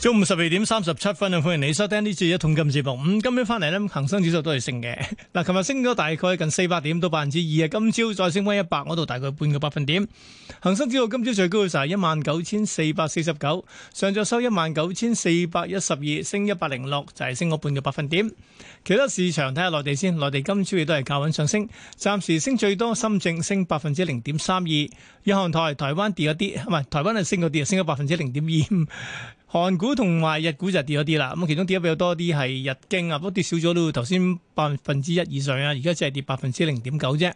中午十二點三十七分啊！歡迎你收聽呢次一桶金節目。咁今日翻嚟咧，恒生指數都係升嘅。嗱，琴日升咗大概近四百點到百分之二啊。今朝再升翻一百，嗰度大概半個百分點。恒生指數今朝最高嘅成一萬九千四百四十九，上再收一萬九千四百一十二，升一百零六，就係升咗半個百分點。其他市場睇下內地先，內地今朝亦都係較穩上升，暫時升最多，深證升百分之零點三二，然後台台灣跌一啲，唔係台灣係升個跌，升咗百分之零點二。韓股同埋日股就跌咗啲啦，咁其中跌得比較多啲係日經啊，不過跌少咗都頭先百分之一以上啊，而家只係跌百分之零點九啫。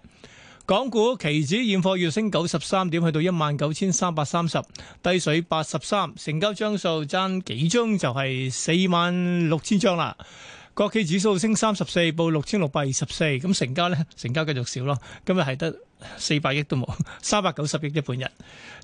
港股期指現貨月升九十三點，去到一萬九千三百三十，低水八十三，成交張數爭幾張就係四萬六千張啦。國企指數升三十四，報六千六百二十四，咁成交呢，成交繼續少咯，今日係得。四百億都冇，三百九十億一半日，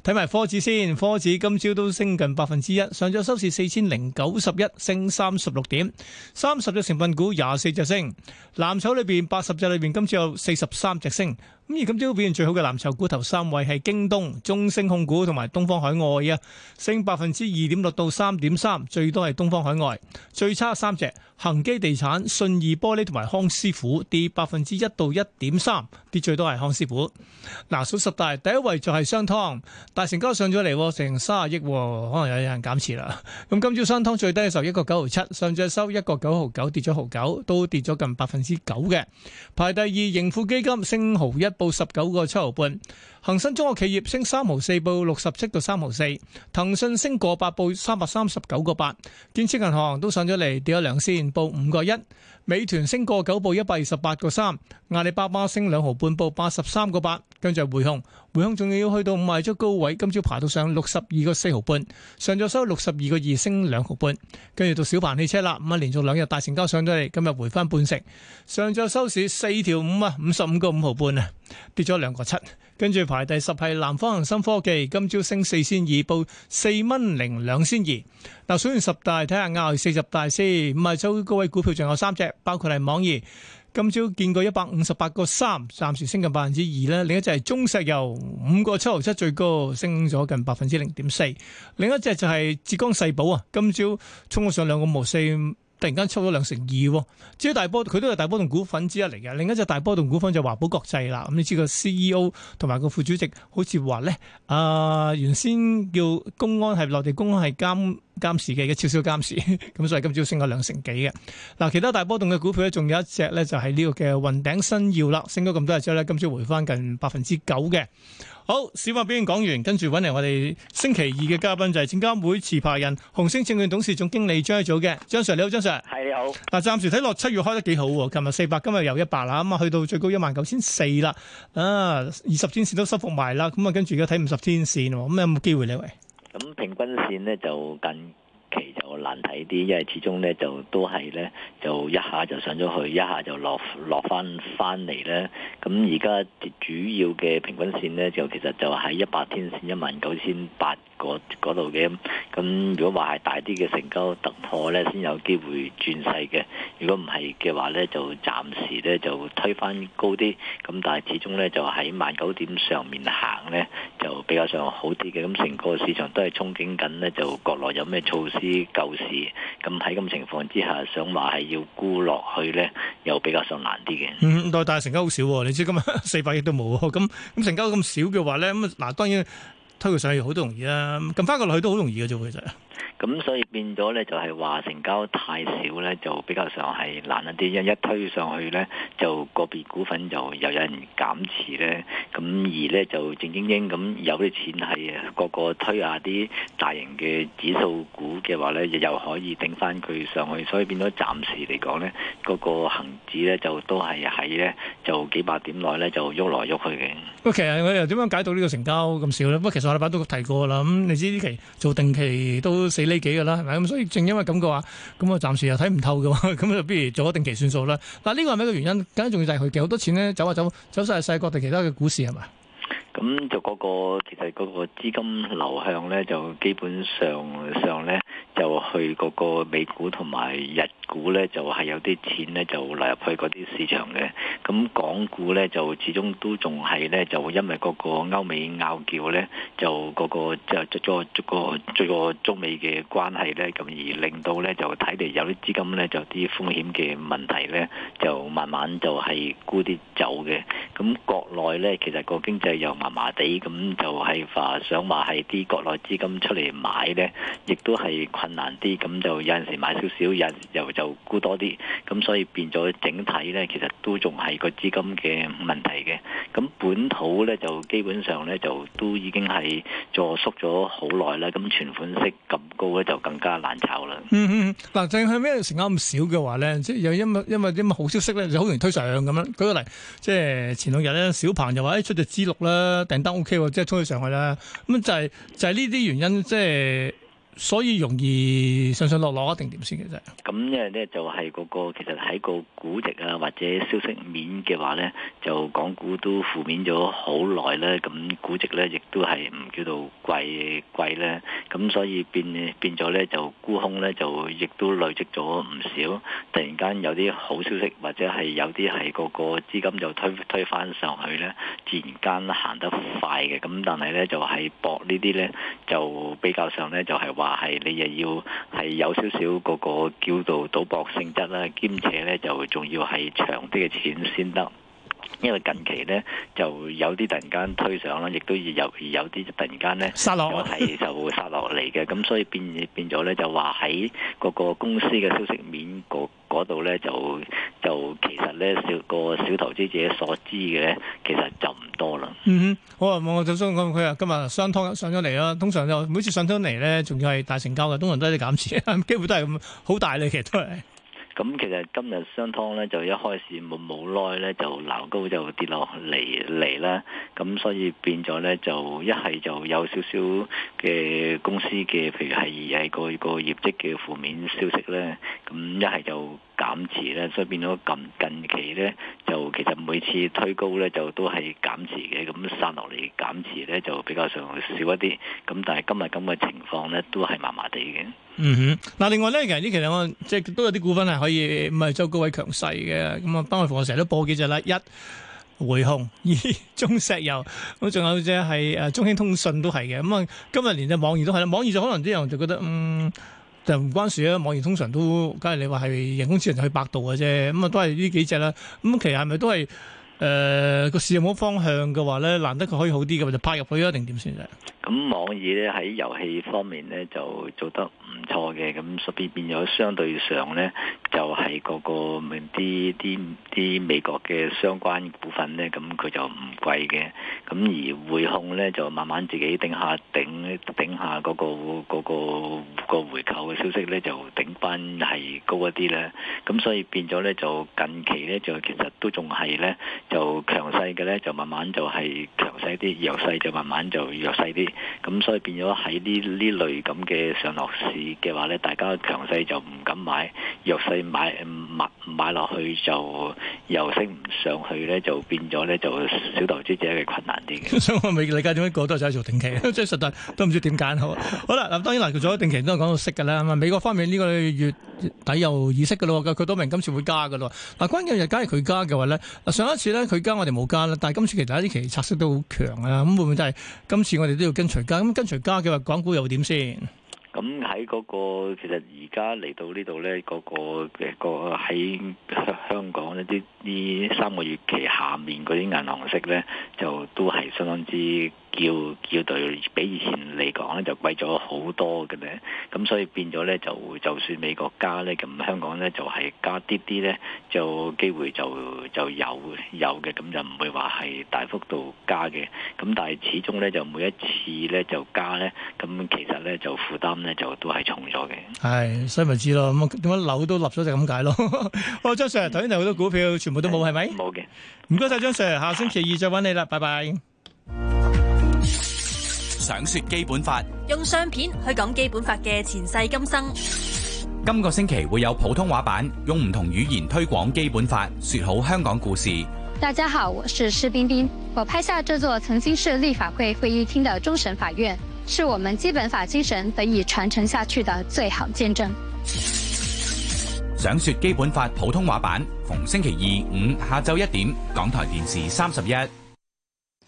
睇埋科指先，科指今朝都升近百分之一，上晝收市四千零九十一，升三十六點。三十隻成分股廿四隻升，藍籌裏邊八十隻裏邊今朝有四十三隻升。咁而今朝表現最好嘅藍籌股頭三位係京東、中升控股同埋東方海外啊，升百分之二點六到三點三，最多係東方海外。最差三隻恒基地產、信義玻璃同埋康師傅跌百分之一到一點三，跌最多係康師傅。嗱，數十大第一位就係商湯，大成交上咗嚟，成三十億，可能有有人減持啦。咁今朝商湯最低嘅時候一個九毫七，上再收一個九毫九，跌咗毫九，都跌咗近百分之九嘅。排第二盈富基金升毫一，報十九個七毫半。恒生中國企業升三毫四，報六十七個三毫四。騰訊升個八，報三百三十九個八。建設銀行都上咗嚟，跌咗兩仙，報五個一。美團升過九，報一百二十八個三，阿里巴巴升兩毫半報八十三個八，跟住匯控，匯控仲要去到五萬足高位，今朝爬到上六十二個四毫半，上晝收六十二個二升兩毫半，跟住到小鵬汽車啦，咁啊連續兩日大成交上咗嚟，今日回返半成，上晝收市四條五啊五十五個五毫半啊，跌咗兩個七。跟住排第十係南方恒生科技，今朝升四仙二，報四蚊零兩仙二。嗱，選完十大，睇下亞游四十大先。唔係，周高位股票仲有三隻，包括係網易，今朝見過一百五十八個三，暫時升近百分之二咧。另一隻係中石油，五個七毫七最高，升咗近百分之零點四。另一隻就係浙江世寶啊，今朝衝咗上兩個毫四。突然間抽咗兩成二喎、哦，至於大波佢都係大波動股份之一嚟嘅，另一隻大波動股份就係華寶國際啦。咁你知個 CEO 同埋個副主席好似話咧，啊、呃、原先叫公安係內地公安係監。監市嘅嘅小少監市，咁所以今朝升咗兩成幾嘅。嗱，其他大波動嘅股票咧，仲有一隻咧，就係呢個嘅雲頂新耀啦，升咗咁多日之後咧，今朝回翻近百分之九嘅。好，市況表現講完，跟住揾嚟我哋星期二嘅嘉賓就係證監會持牌人、紅星證券董事總經理張益祖嘅張 Sir，你好，張 Sir，係你好。嗱，暫時睇落七月開得幾好，400，琴日四百，今日又一百啦，咁啊，去到最高一萬九千四啦，啊，二十天綫都收復埋啦，咁啊，跟住而家睇五十天綫，咁有冇機會咧？咁平均線呢，就近期就難睇啲，因為始終呢，就都係呢，就一下就上咗去，一下就落落翻翻嚟呢。咁而家主要嘅平均線呢，就其實就喺一百天線，一萬九千八。19, 嗰度嘅咁，如果話係大啲嘅成交突破呢，先有機會轉勢嘅；如果唔係嘅話呢，就暫時呢，就推返高啲。咁但係始終呢，就喺萬九點上面行呢，就比較上好啲嘅。咁成個市場都係憧憬緊呢，就國內有咩措施救市。咁喺咁情況之下，想話係要沽落去呢，又比較上難啲嘅。嗯，但係成交好少喎、哦，你知今日四百億都冇喎。咁咁成交咁少嘅話呢，咁嗱當然。當然當然推佢上去好都容易啊，撳翻佢落去都好容易嘅、啊、啫，其實。咁所以變咗咧，就係話成交太少咧，就比較上係難一啲。因一推上去咧，就個別股份就又有人減持咧。咁而咧就正正經咁有啲錢係個個推下啲大型嘅指數股嘅話咧，又可以頂翻佢上去。所以變咗暫時嚟講咧，嗰個恆指咧就都係喺咧就幾百點內咧就喐來喐去嘅。不過其實我又點樣解到呢個成交咁少咧？不過其實我哋爸都提過啦。咁你知呢期做定期都～四厘幾㗎啦，係咪咁？所以正因為咁嘅話，咁我暫時又睇唔透嘅，咁 就不如做咗定期算數啦。嗱，呢個係咪一個原因？更加重要就係佢幾多錢咧，走啊走，走晒細國定其他嘅股市係嘛？是咁就嗰個其實嗰個資金流向咧，就基本上上咧就去嗰個美股同埋日股咧，就係有啲錢咧就流入去嗰啲市場嘅。咁港股咧就始終都仲係咧，就因為嗰個歐美拗撬咧，就嗰個就逐個逐個逐個中美嘅關係咧，咁而令到咧就睇嚟有啲資金咧就啲風險嘅問題咧，就慢慢就係沽啲走嘅。咁國內咧其實個經濟又麻麻地，咁就係話想話係啲國內資金出嚟買咧，亦都係困難啲。咁就有陣時買少少，又又就沽多啲。咁所以變咗整體咧，其實都仲係個資金嘅問題嘅。咁本土咧就基本上咧就都已經係坐縮咗好耐啦。咁存款息咁高咧，就更加難炒啦。嗯哼，嗱，正係咩成交咁少嘅話咧，即係又因為因為啲乜好消息咧，就好容易推上咁樣。舉個例，即係前兩日咧，小鵬又話，誒出隻 G6 啦。訂單 OK，即係衝咗上去啦，咁就係，就係呢啲原因即係。所以容易上上落落一定點先嘅啫。咁因為咧就係嗰個其實喺個估值啊，或者消息面嘅話咧，就港股都負面咗好耐咧。咁估值咧亦都係唔叫做貴貴咧。咁所以變變咗咧就沽空咧就亦都累積咗唔少。突然間有啲好消息或者係有啲係個個資金就推推翻上去咧，自然間行得快嘅。咁但係咧就係、是、搏呢啲咧就比較上咧就係話。係你又要係有少少嗰個叫做賭博性質啦，兼且呢就仲要係長啲嘅錢先得。因為近期咧就有啲突然間推上啦，亦都有有啲突然間咧殺落，係到就殺落嚟嘅。咁 所以變變咗咧，就話喺嗰個公司嘅消息面嗰度咧，就就其實咧小，那個小投資者所知嘅咧，其實就唔多啦。嗯哼，好啊，我就想講佢啊，今日商湯上咗嚟啦。通常就每次上咗嚟咧，仲要係大成交嘅，通常都係啲減持，機會都係咁，好大嘅其實都係。咁其實今日商湯咧就一開始冇冇耐咧就撈高就跌落嚟嚟啦，咁所以變咗咧就一係就有少少嘅公司嘅，譬如係係個個業績嘅負面消息咧，咁一係就，減持咧，所以變咗近近期咧，就其實每次推高咧，就都係減持嘅，咁散落嚟減持咧就比較上少一啲。咁但係今日咁嘅情況咧，都係麻麻地嘅。嗯哼，嗱，另外咧，其實呢其實我即係都有啲股份係可以唔係走高位強勢嘅。咁啊，包括我成日都播幾隻啦，一匯控，二中石油，咁仲有隻係誒中興通訊都係嘅。咁啊，今日連隻網易都係啦，網易就可能啲人就覺得嗯。就唔關事啦、啊，網易通常都，梗係你話係人工智能去百度嘅啫，咁、嗯、啊都係呢幾隻啦。咁、嗯、其實係咪都係誒個市場冇方向嘅話咧，難得佢可以好啲嘅，就派入去啊，定點算啊？咁、嗯、網易咧喺遊戲方面咧就做得。嘅咁，所以變咗相對上咧，就係嗰個啲啲啲美國嘅相關股份咧，咁佢就唔貴嘅。咁而匯控咧就慢慢自己頂下頂頂下嗰個嗰個個回購嘅消息咧，就頂翻係高一啲咧。咁所以變咗咧，就近期咧就其實都仲係咧，就強勢嘅咧，就慢慢就係強勢啲，弱勢就慢慢就弱勢啲。咁所以變咗喺呢呢類咁嘅上落市嘅。話大家強勢就唔敢買，弱勢買買落去就又升唔上去咧，就變咗咧就小投資者嘅困難啲。 所以我理解點解個都走去做定期。即 係實在都唔知點揀好。好啦，嗱，當然啦，做咗定期都係講到息噶啦。美國方面呢個月底又議息噶咯，佢都明今次會加噶咯。嗱，關鍵日加係佢加嘅話咧，上一次咧佢加，加我哋冇加啦，但係今次其實啲期拆息都好強啊。咁會唔會真係今次我哋都要跟隨加？咁跟隨加嘅話，港股又點先？咁喺嗰個其實而家嚟到呢度呢，嗰、嗰個嘅、嗰個喺香港呢啲呢三個月期下面嗰啲銀行息呢，就都係相當之。叫叫對，比以前嚟講咧就貴咗好多嘅咧，咁所以變咗咧就就算美國加咧，咁香港咧就係加啲啲咧，就、係、啲啲就機會就就有有嘅，咁就唔會話係大幅度加嘅。咁但係始終咧就每一次咧就加咧，咁其實咧就負擔咧就都係重咗嘅。係，所以咪知咯，咁點解樓都立咗就咁解咯？阿、 哦、張 Sir 頭先好多股票、嗯、全部都冇係咪？冇嘅唉，唔該晒張 Sir，下星期二再揾你啦，拜拜。想說基本法，用相片去講基本法嘅前世今生。今個星期會有普通話版，用唔同語言推廣基本法，說好香港故事。大家好，我是施冰冰。我拍下這座曾經是立法會會議廳的終審法院，是我們基本法精神得以傳承下去的最好見證。想說基本法普通話版，逢星期二五下晝一點，港台電視三十一。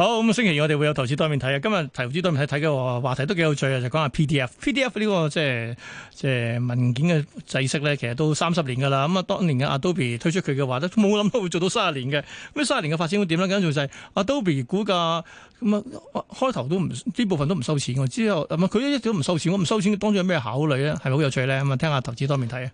好咁，星期二我哋會有投資多面睇啊。今日投資多面睇睇嘅話題都幾有趣啊，就是，講下 PDF PDF，這個。PDF 呢個即係即係文件嘅製式咧，其實都三十年噶啦。咁，嗯，啊，當年嘅 Adobe 推出佢嘅話都冇諗到會做到三十年嘅。咁三十年嘅發展會點咧？跟住就係 Adobe 估價咁啊，嗯，開頭都唔呢部分都唔收錢嘅。之後係佢，嗯，一直都唔收錢，我唔收錢，當中有咩考慮咧？係咪好有趣咧？咁，嗯，啊，聽下投資多面睇啊。